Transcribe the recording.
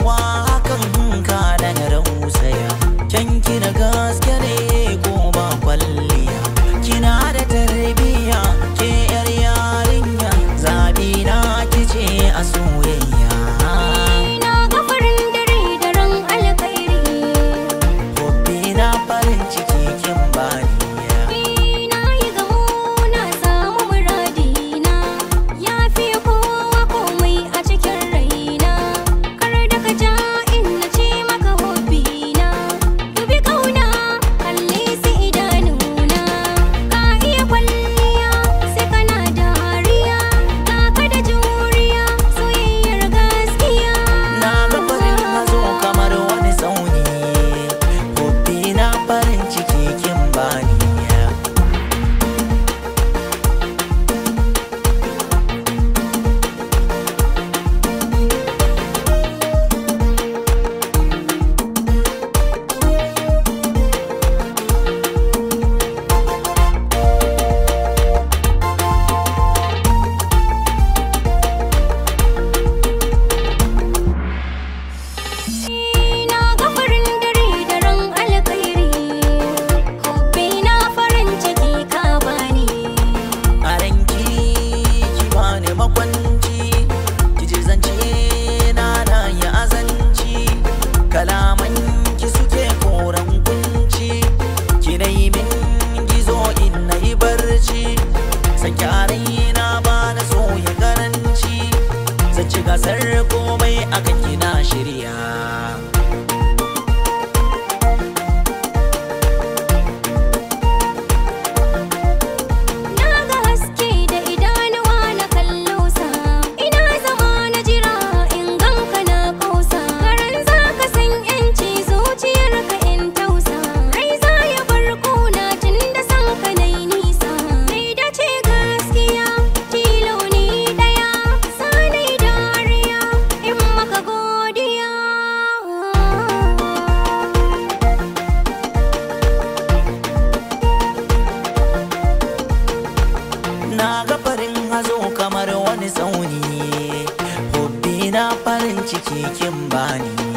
花。ciki kin bani